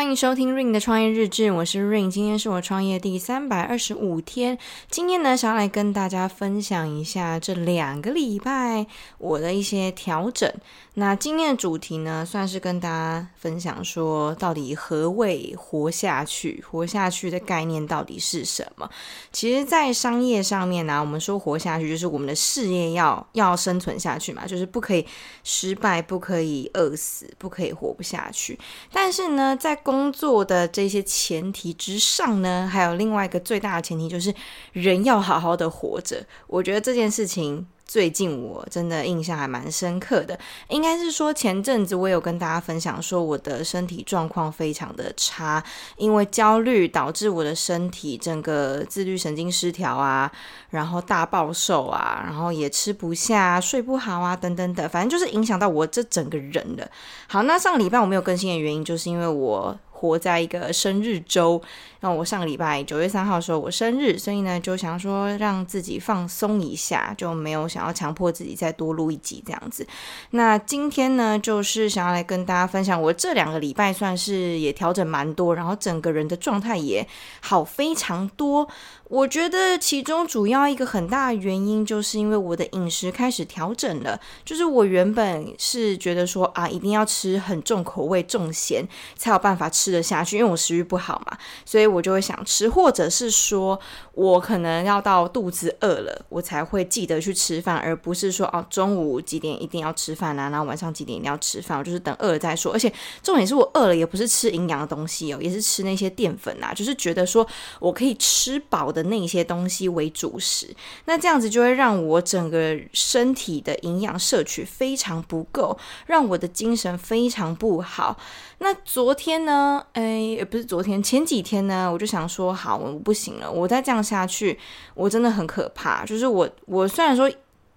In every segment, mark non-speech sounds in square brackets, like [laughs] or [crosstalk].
歡迎收聽 Ring 的創業日志，我是 Ring。今天是我創業第三百二十五天。今天呢，想要來跟大家分享一下這兩個禮拜我的一些調整。那今天的主題呢，算是跟大家分享說，到底何謂活下去？活下去的概念到底是什麼？其實，在商業上面呢、啊，我們說活下去，就是我們的事業要要生存下去嘛，就是不可以失敗，不可以餓死，不可以活不下去。但是呢，在工作的這些前提之上呢，還有另外一個最大的前提，就是人要好好的活着。我覺得這件事情。最近我真的印象還蠻深刻的，應該是說前陣子我也有跟大家分享說我的身體狀況非常的差，因為焦慮導致我的身體整個自律神經失調啊，然後大暴瘦啊，然後也吃不下、睡不好啊，等等的，反正就是影響到我這整個人了。好，那上禮拜我沒有更新的原因就是因為我。活在一個生日週，然後我上個禮拜九月三號的時候我生日，所以呢就想說讓自己放鬆一下，就沒有想要強迫自己再多錄一集這樣子。那今天呢，就是想要來跟大家分享，我這兩個禮拜算是也調整蠻多，然後整個人的狀態也好非常多。我覺得其中主要一個很大的原因，就是因為我的飲食開始調整了，就是我原本是覺得說啊，一定要吃很重口味、重鹹才有辦法吃。吃下去，因為我食欲不好嘛，所以我就會想吃，或者是說我可能要到肚子餓了，我才會記得去吃飯，而不是說，哦，中午幾點一定要吃飯啊，然後晚上幾點一定要吃飯，我就是等餓了再說。而且重點是我餓了也不是吃營養的東西哦，也是吃那些澱粉啊，就是覺得說我可以吃飽的那些東西為主食，那這樣子就會讓我整個身體的營養攝取非常不夠，讓我的精神非常不好。那昨天呢？哎，也不是昨天，前幾天呢，我就想說，好，我不行了，我再這樣下去，我真的很可怕。就是我，我雖然說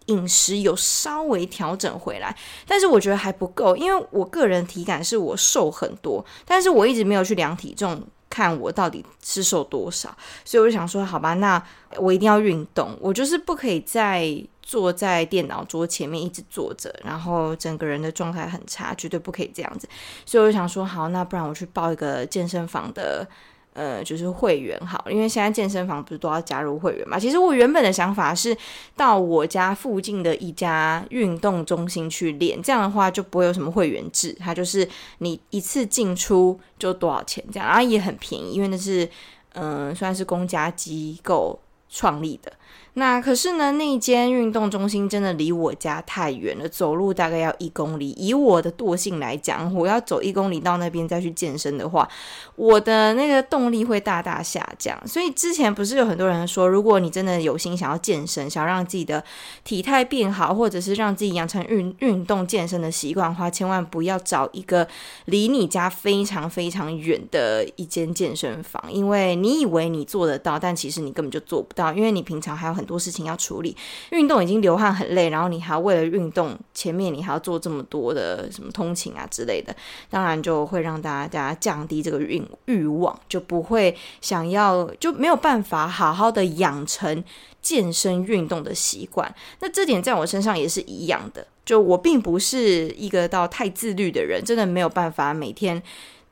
飲食有稍微調整回來，但是我覺得還不夠，因為我個人體感是我瘦很多，但是我一直沒有去量體重，看我到底是瘦多少，所以我就想說，好吧，那我一定要運動，我就是不可以再。坐在電腦桌前面一直坐着，然後整個人的狀態很差，絕對不可以這樣子。所以我就想說，好，那不然我去報一個健身房的，呃，就是會員，好，因為現在健身房不是都要加入會員嘛。其實我原本的想法是到我家附近的一家運動中心去練，這樣的話就不會有什麼會員制，它就是你一次進出就多少錢這樣，然後也很便宜，因為那是嗯，算是公家機構創立的。那可是呢，那間運動中心真的離我家太遠了，走路大概要一公里。以我的惰性來講，我要走一公里到那邊再去健身的話，我的那個動力會大大下降。所以之前不是有很多人說，如果你真的有心想要健身，想讓自己的體態變好，或者是讓自己養成運運動健身的習慣的話，千萬不要找一個離你家非常非常遠的一間健身房，因為你以為你做得到，但其實你根本就做不到，因為你平常還有很。很多事情要處理，運動已經流汗很累，然後你還要為了運動，前面你還要做這麼多的什麼通勤啊之類的，當然就會讓大家降低這個運欲、欲望，就不會想要，就沒有辦法好好的養成健身運動的習慣。那這點在我身上也是一樣的，就我並不是一個到太自律的人，真的沒有辦法每天。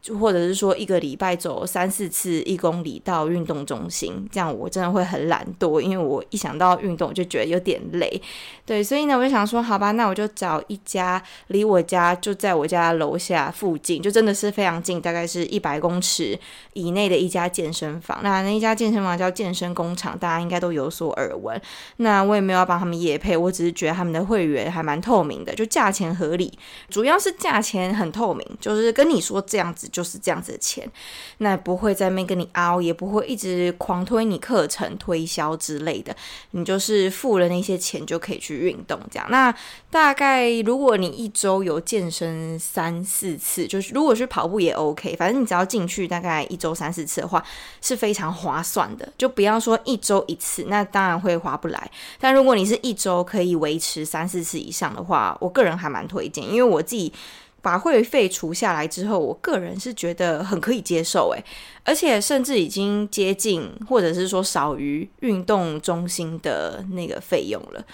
就或者是說一個禮拜走三四次一公里到運動中心，這樣我真的會很懶惰，因為我一想到運動就覺得有點累。對，所以呢，我就想說，好吧，那我就找一家離我家就在我家樓下附近，就真的是非常近，大概是一百公尺以內的一家健身房。那那一家健身房叫健身工廠，大家應該都有所耳聞。那我也沒有要幫他們業配，我只是覺得他們的會員還蠻透明的，就價錢合理，主要是價錢很透明，就是跟你說這樣子。就是這樣子的錢，那不會在那邊跟你凹，也不會一直狂推你課程推銷之類的。你就是付了那些錢就可以去運動這樣。那大概如果你一周有健身三四次，就是如果是跑步也 OK，反正你只要進去大概一周三四次的話是非常划算的。就不要說一周一次，那當然會划不來。但如果你是一周可以維持三四次以上的話，我個人還蠻推薦，因為我自己。把會費除下來之後，我個人是覺得很可以接受誒，而且甚至已經接近或者是說少於運動中心的那個費用了，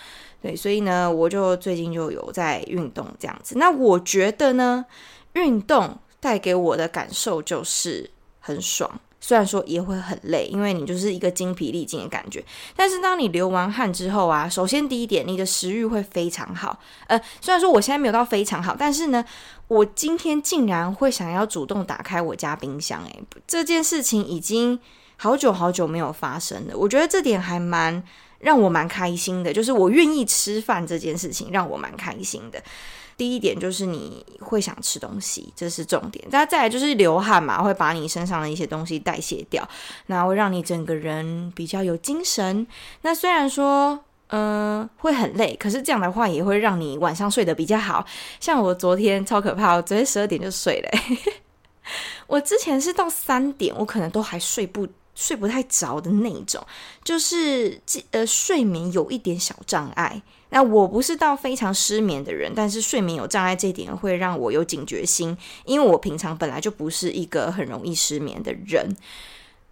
對，所以呢，我就最近就有在運動這樣子。那我覺得呢，運動帶給我的感受就是很爽。雖然說也會很累，因為你就是一個筋疲力盡的感覺。但是當你流完汗之後啊，首先第一點，你的食欲會非常好。呃，雖然說我現在沒有到非常好，但是呢，我今天竟然會想要主動打開我家冰箱，欸，誒，這件事情已經好久好久沒有發生了。我覺得這點還蠻讓我蠻開心的，就是我願意吃飯這件事情讓我蠻開心的。第一點就是你會想吃東西，這是重點。那再來就是流汗嘛，會把你身上的一些東西代謝掉，那會讓你整個人比較有精神。那雖然說，嗯、呃，會很累，可是這樣的話也會讓你晚上睡得比較好。像我昨天超可怕，我昨天十二點就睡了欸。 [laughs] 我之前是到三點，我可能都還睡不睡不太着的那種，就是呃睡眠有一點小障礙。那我不是到非常失眠的人，但是睡眠有障礙這一點會讓我有警覺心，因為我平常本來就不是一個很容易失眠的人。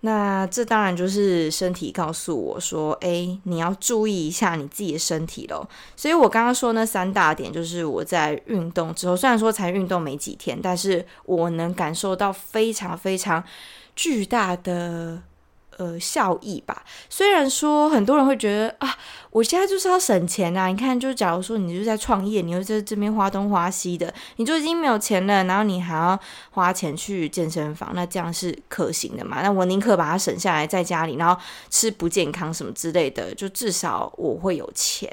那這當然就是身體告訴我說：“欸，你要注意一下你自己的身體嘍。”所以，我剛剛說那三大點，就是我在運動之後，雖然說才運動沒幾天，但是我能感受到非常非常巨大的呃效益吧。雖然說很多人會覺得啊。我現在就是要省錢啊。你看，就假如說你就在創業，你又在這邊花東花西的，你就已經沒有錢了，然後你還要花錢去健身房，那這樣是可行的嘛？那我寧可把它省下來在家裡，然後吃不健康什麼之類的，就至少我會有錢。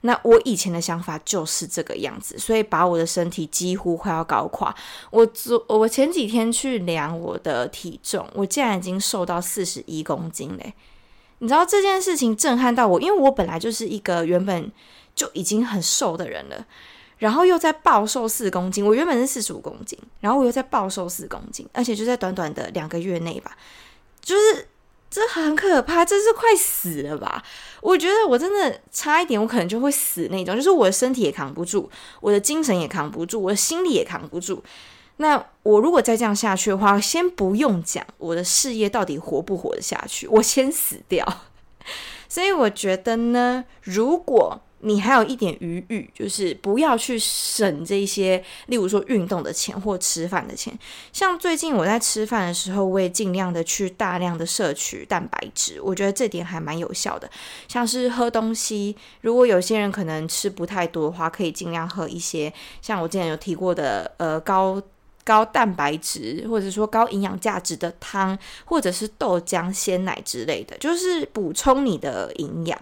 那我以前的想法就是這個樣子，所以把我的身體幾乎快要搞垮。我昨我前幾天去量我的體重，我竟然已經瘦到四十一公斤嘞，欸！你知道這件事情震撼到我，因為我本來就是一個原本就已經很瘦的人了，然後又在暴瘦四公斤。我原本是四十五公斤，然後我又在暴瘦四公斤，而且就在短短的兩個月內吧，就是這很可怕，這是快死了吧？我覺得我真的差一點，我可能就會死那種，就是我的身體也扛不住，我的精神也扛不住，我的心理也扛不住。那我如果再這樣下去的話，先不用講我的事業到底活不活得下去，我先死掉。 [laughs] 所以我覺得呢，如果你還有一點餘裕，就是不要去省這一些，例如說運動的錢或吃飯的錢。像最近我在吃飯的時候，我也盡量的去大量的攝取蛋白質，我覺得這點還蠻有效的。像是喝東西，如果有些人可能吃不太多的話，可以盡量喝一些。像我之前有提過的，呃，高。高蛋白質或者說高營養價值的湯，或者是豆漿、鮮奶之類的，就是補充你的營養。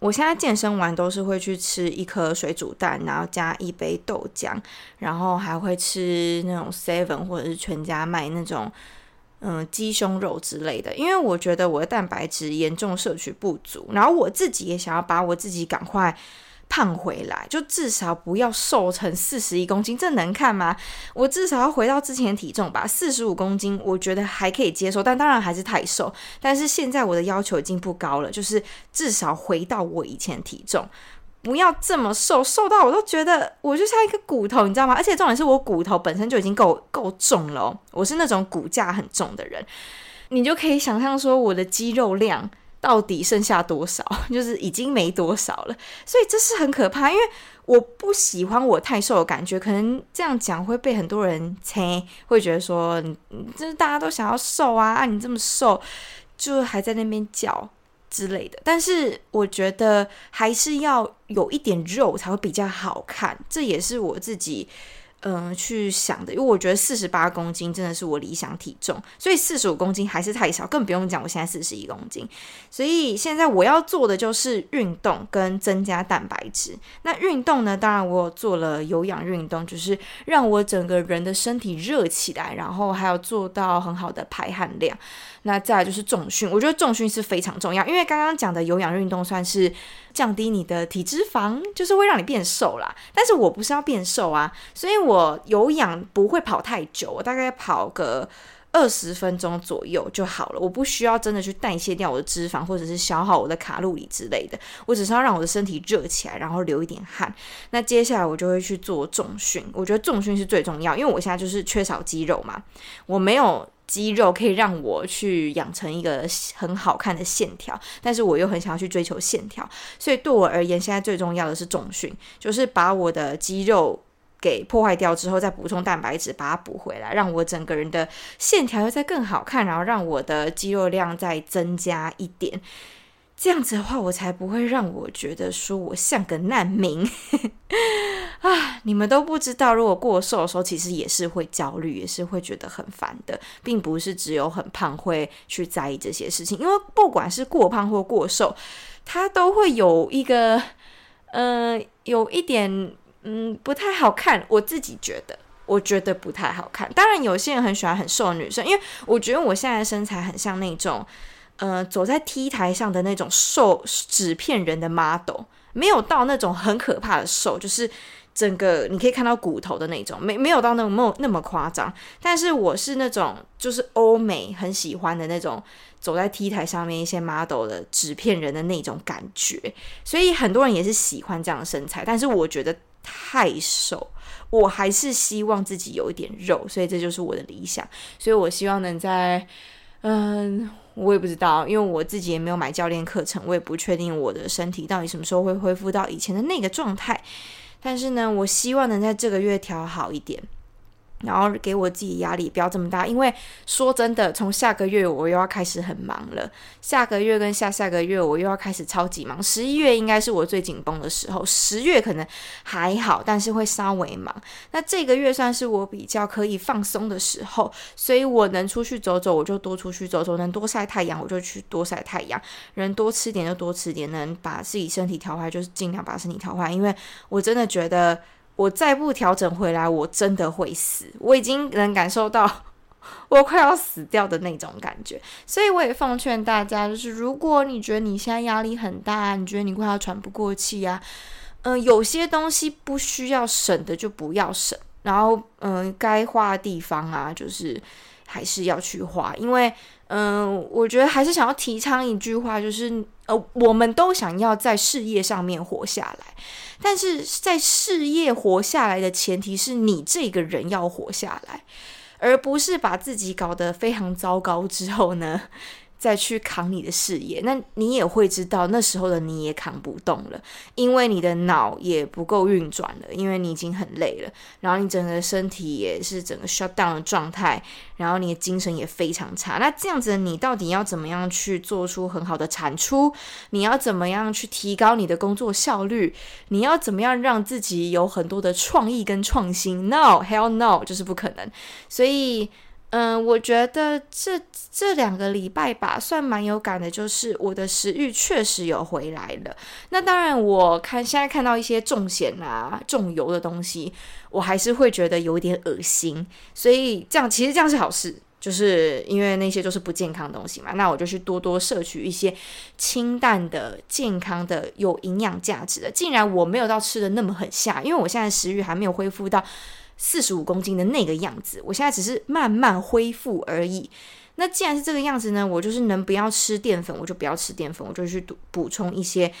我現在健身完都是會去吃一顆水煮蛋，然後加一杯豆漿，然後還會吃那種 seven 或者是全家賣那種嗯雞胸肉之類的，因為我覺得我的蛋白質嚴重攝取不足，然後我自己也想要把我自己趕快。胖回來就至少不要瘦成四十一公斤，這能看嗎？我至少要回到之前的體重吧，四十五公斤，我覺得還可以接受。但當然還是太瘦，但是現在我的要求已經不高了，就是至少回到我以前體重，不要這麼瘦，瘦到我都覺得我就像一個骨頭，你知道嗎？而且重點是我骨頭本身就已經夠夠重了哦，我是那種骨架很重的人，你就可以想象說我的肌肉量。到底剩下多少？就是已經沒多少了，所以這是很可怕，因為我不喜歡我太瘦的感覺，可能這樣講會被很多人猜，會覺得說，就是大家都想要瘦啊，啊你這麼瘦，就還在那邊叫之類的。但是我覺得還是要有一點肉才會比較好看，這也是我自己嗯，去想的，因為我覺得四十八公斤真的是我理想體重，所以四十五公斤還是太少，更不用講我現在四十一公斤。所以現在我要做的就是運動跟增加蛋白質。那運動呢，當然我做了有氧運動，就是讓我整個人的身體熱起來，然後還要做到很好的排汗量。那再來就是重訓，我覺得重訓是非常重要，因為剛剛講的有氧運動算是降低你的體脂肪，就是會讓你變瘦啦。但是我不是要變瘦啊，所以我。我有氧不會跑太久，我大概跑個二十分鐘左右就好了。我不需要真的去代謝掉我的脂肪，或者是消耗我的卡路里之類的。我只是要讓我的身體熱起來，然後流一點汗。那接下來我就會去做重訓。我覺得重訓是最重要，因為我現在就是缺少肌肉嘛。我沒有肌肉可以讓我去養成一個很好看的線條，但是我又很想要去追求線條，所以對我而言，現在最重要的是重訓，就是把我的肌肉。給破壞掉之後，再補充蛋白質把它補回來，讓我整個人的線條再更好看，然後讓我的肌肉量再增加一點。這樣子的話，我才不會讓我覺得說我像個難民 [laughs] 啊！你們都不知道，如果過瘦的時候，其實也是會焦慮，也是會覺得很煩的，並不是只有很胖會去在意這些事情。因為不管是過胖或過瘦，它都會有一個，嗯、呃，有一點。嗯，不太好看。我自己覺得，我覺得不太好看。當然，有些人很喜歡很瘦的女生，因為我覺得我現在的身材很像那種，呃，走在 T 臺上的那種瘦紙片人的 model，沒有到那種很可怕的瘦，就是整個你可以看到骨頭的那種，沒沒有到那沒有那麼，那麼誇張。但是我是那種就是歐美很喜歡的那種走在 T 臺上面一些 model 的紙片人的那種感覺，所以很多人也是喜歡這樣的身材，但是我覺得。太瘦，我還是希望自己有一點肉，所以這就是我的理想。所以我希望能在，嗯、呃，我也不知道，因為我自己也沒有買教練課程，我也不確定我的身體到底什麼時候會恢復到以前的那個狀態。但是呢，我希望能在這個月調好一點。然後給我自己壓力不要這麼大，因為說真的，從下個月我又要開始很忙了。下個月跟下下個月我又要開始超級忙。十一月應該是我最緊繃的時候，十月可能還好，但是會稍微忙。那這個月算是我比較可以放鬆的時候，所以我能出去走走，我就多出去走走；能多曬太陽，我就去多曬太陽；能多吃點就多吃點，能把自己身體調壞就是盡量把身體調壞，因為我真的覺得。我再不調整回來，我真的會死。我已經能感受到我快要死掉的那種感覺，所以我也奉勸大家，就是如果你覺得你現在壓力很大，你覺得你快要喘不過氣呀、啊，嗯、呃，有些東西不需要省的就不要省，然後嗯，該、呃、花的地方啊，就是還是要去花，因為嗯、呃，我覺得還是想要提倡一句話，就是。呃，我們都想要在事業上面活下來，但是在事業活下來的前提是你這個人要活下來，而不是把自己搞得非常糟糕之後呢。再去扛你的事業，那你也會知道那時候的你也扛不動了，因為你的腦也不夠運轉了，因為你已經很累了，然後你整個身體也是整個 shut down 的狀態，然後你的精神也非常差。那這樣子你到底要怎麼樣去做出很好的產出？你要怎麼樣去提高你的工作效率？你要怎麼樣讓自己有很多的創意跟創新？No, hell no，就是不可能。所以。嗯，我覺得這這兩個禮拜吧，算蠻有感的，就是我的食欲確實有回來了。那當然，我看現在看到一些重鹹啊、重油的東西，我還是會覺得有一點噁心。所以這樣，其實這樣是好事，就是因為那些都是不健康的東西嘛。那我就去多多攝取一些清淡的、健康的、有營養價值的。竟然我沒有到吃得那麼很下，因為我現在食欲還沒有恢復到，四十五公斤的那個樣子，我現在只是慢慢恢復而已。那既然是這個樣子呢，我就是能不要吃澱粉，我就不要吃澱粉，我就去補補充一些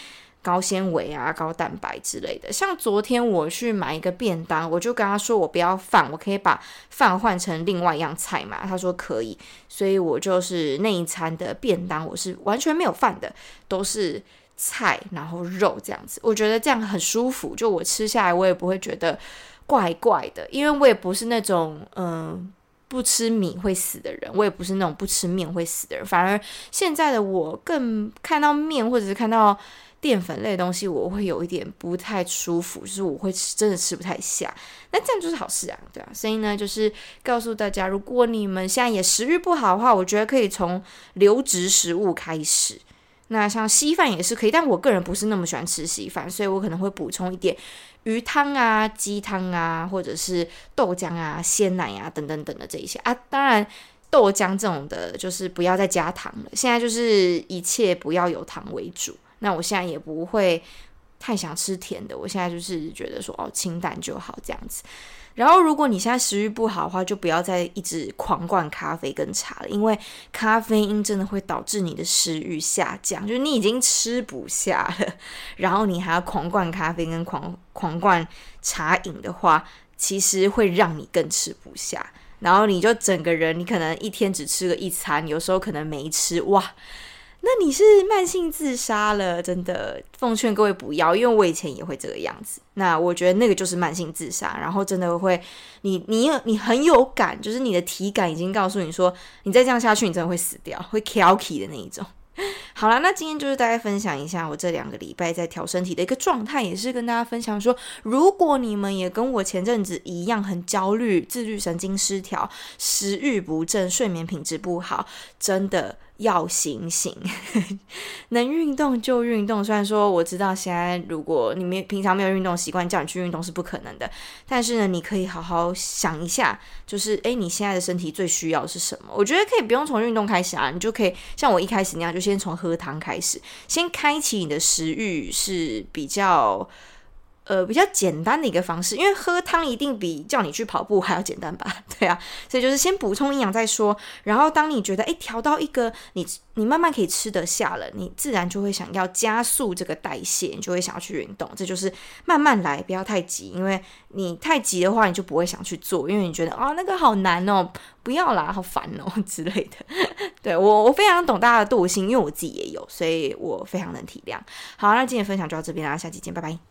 高纖維啊、高蛋白之類的。像昨天我去買一個便當，我就跟他說我不要飯，我可以把飯換成另外一樣菜嘛。他說可以，所以我就是那一餐的便當，我是完全沒有飯的，都是菜然後肉這樣子。我覺得這樣很舒服，就我吃下來，我也不會覺得。怪怪的，因為我也不是那種嗯、呃、不吃米會死的人，我也不是那種不吃麵會死的人。反而現在的我更看到麵或者是看到澱粉類的東西，我會有一點不太舒服，就是我會吃，真的吃不太下。那這樣就是好事啊，對啊。所以呢，就是告訴大家，如果你們現在也食慾不好的話，我覺得可以從流質食物開始。那像稀飯也是可以，但我個人不是那麼喜歡吃稀飯，所以我可能會補充一點魚湯啊、雞湯啊，或者是豆漿啊、鮮奶啊等等等等的這一些啊。當然，豆漿這種的，就是不要再加糖了。現在就是一切不要有糖為主。那我現在也不會太想吃甜的，我現在就是覺得說哦，清淡就好這樣子。然後，如果你現在食欲不好的話，就不要再一直狂灌咖啡跟茶了，因為咖啡因真的會導致你的食欲下降，就是你已經吃不下了，然後你還要狂灌咖啡跟狂狂灌茶飲的話，其實會讓你更吃不下，然後你就整個人，你可能一天只吃個一餐，有時候可能沒吃，哇！那你是慢性自殺了，真的奉勸各位不要，因為我以前也會這個樣子。那我覺得那個就是慢性自殺，然後真的會，你你你很有感，就是你的體感已經告訴你說，你再這樣下去，你真的會死掉，會挑剔的那一種。好啦，那今天就是大家分享一下我這兩個禮拜在調身體的一個狀態，也是跟大家分享說，如果你們也跟我前陣子一樣很焦慮、自律神經失調、食慾不振、睡眠品質不好，真的。要醒醒，能運動就運動。雖然說我知道現在如果你沒平常沒有運動習慣，叫你去運動是不可能的。但是呢，你可以好好想一下，就是誒、欸，你現在的身體最需要的是什麼？我覺得可以不用從運動開始啊，你就可以像我一開始那樣，就先從喝湯開始，先開啟你的食慾是比較。呃，比較簡單的一個方式，因為喝湯一定比叫你去跑步還要簡單吧？對啊，所以就是先補充營養再說。然後當你覺得誒，調、欸、到一個你你慢慢可以吃得下了，你自然就會想要加速這個代謝，你就會想要去運動。這就是慢慢來，不要太急，因為你太急的話，你就不會想去做，因為你覺得啊、哦、那個好難哦，不要啦，好煩哦之類的。對我我非常懂大家的惰性，因為我自己也有，所以我非常能體諒。好，那今天的分享就到這邊啦，下期見，拜拜。